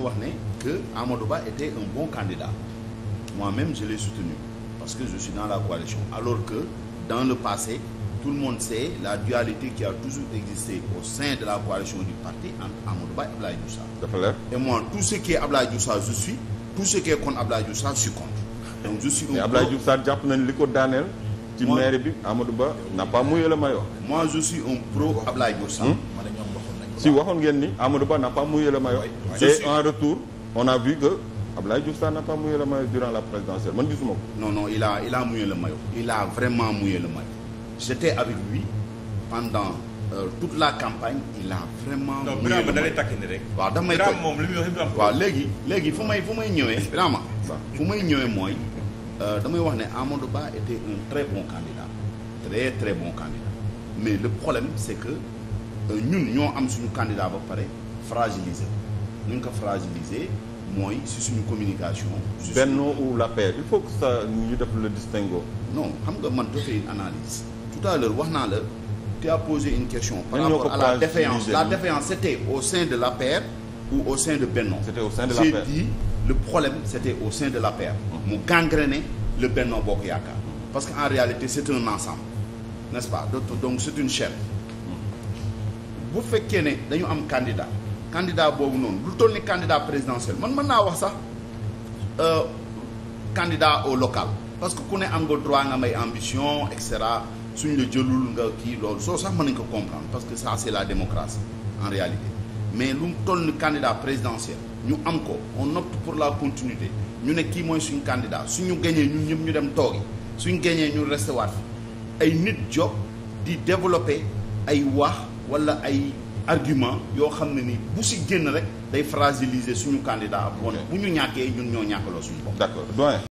leen wax ne que Amadou Ba était un bon candidat moi-même je l'ai soutenu parce que je suis dans la coalition alors que dans le passé tout le monde sait la dualité qui a toujours existé au sein de la coalition du parti entre Amadou Ba et Abdoulaye et moi tout ce qui est Abdoulaye je suis tout ce qui est contre donc je suis mais Abdoulaye Diouf Sarr jàpp li ko daaneel ci maire bi Amadou Ba n'a pas mouillé le maillot moi je suis un pro Abdoulaye Diouf Sarr hmm? si waxoon ngeen ni Amadou Ba n'a pas mouillé le maillot. et en retour on a vu que Abdoulaye Diouf Sarr n'a pas mouillé le maillot durant la présidentielle man gisuma ko. non non il a il a mouillé le maillot. il a vraiment mouillé le maillot. j'étais avec lui pendant. Euh, toute la campagne la a vraiment. non Birama da lay takk ni rek. waaw damay ko moom li muy wax waaw léegi léegi fu may fu may ñëwee. Birama fu may ñëwee mooy. Euh, damay wax ne Amadou Ba était un très bon candidat. très très bon candidat Euh, ñun ñoo am suñu candidat ba pare fragiliser ko ñu ko fragiliser mooy si suñu communication. Benno ou la paix il faut que ça ñu def le distinguo. non xam nga man defee une analyse. tout à l'heure wax naa la tu as posé une question. par rapport à la défaillance la défaillance c'était au sein de la paix ou au sein de Benno. c'était au sein de la paix j'ai le problème c'était mu gangréné le Benno Bokk Yaakaar. parce que en réalité c'est un ensemble n'est-ce pas donc c'est une chaîne. bu fekkee ne dañu am candidat candidat boobu noonu lu toll ni candidat présidentiel man mën naa wax sax euh, candidat au local parce que ku ne am nga droit nga may ambition et cetera suñ la jëlul nga kii loolu soo sax mën nañ ko comprendre parce que ça c'est la démocratie en réalité mais lu toll ni candidat présidentiel ñu am ko on opte pour la continuité ñu ne kii mooy suñu candidat suñu gañee ñu ñëpp ñu dem toogi suñu gañee ñu resté waat ay nit jóg di développer ay wax wala ay argument yoo xam ne ni bu si génn rek day fragiliser suñu candidat bon bu ñu ñàkkee ñun ñoo ñàkkaloo suñu bopp d'accord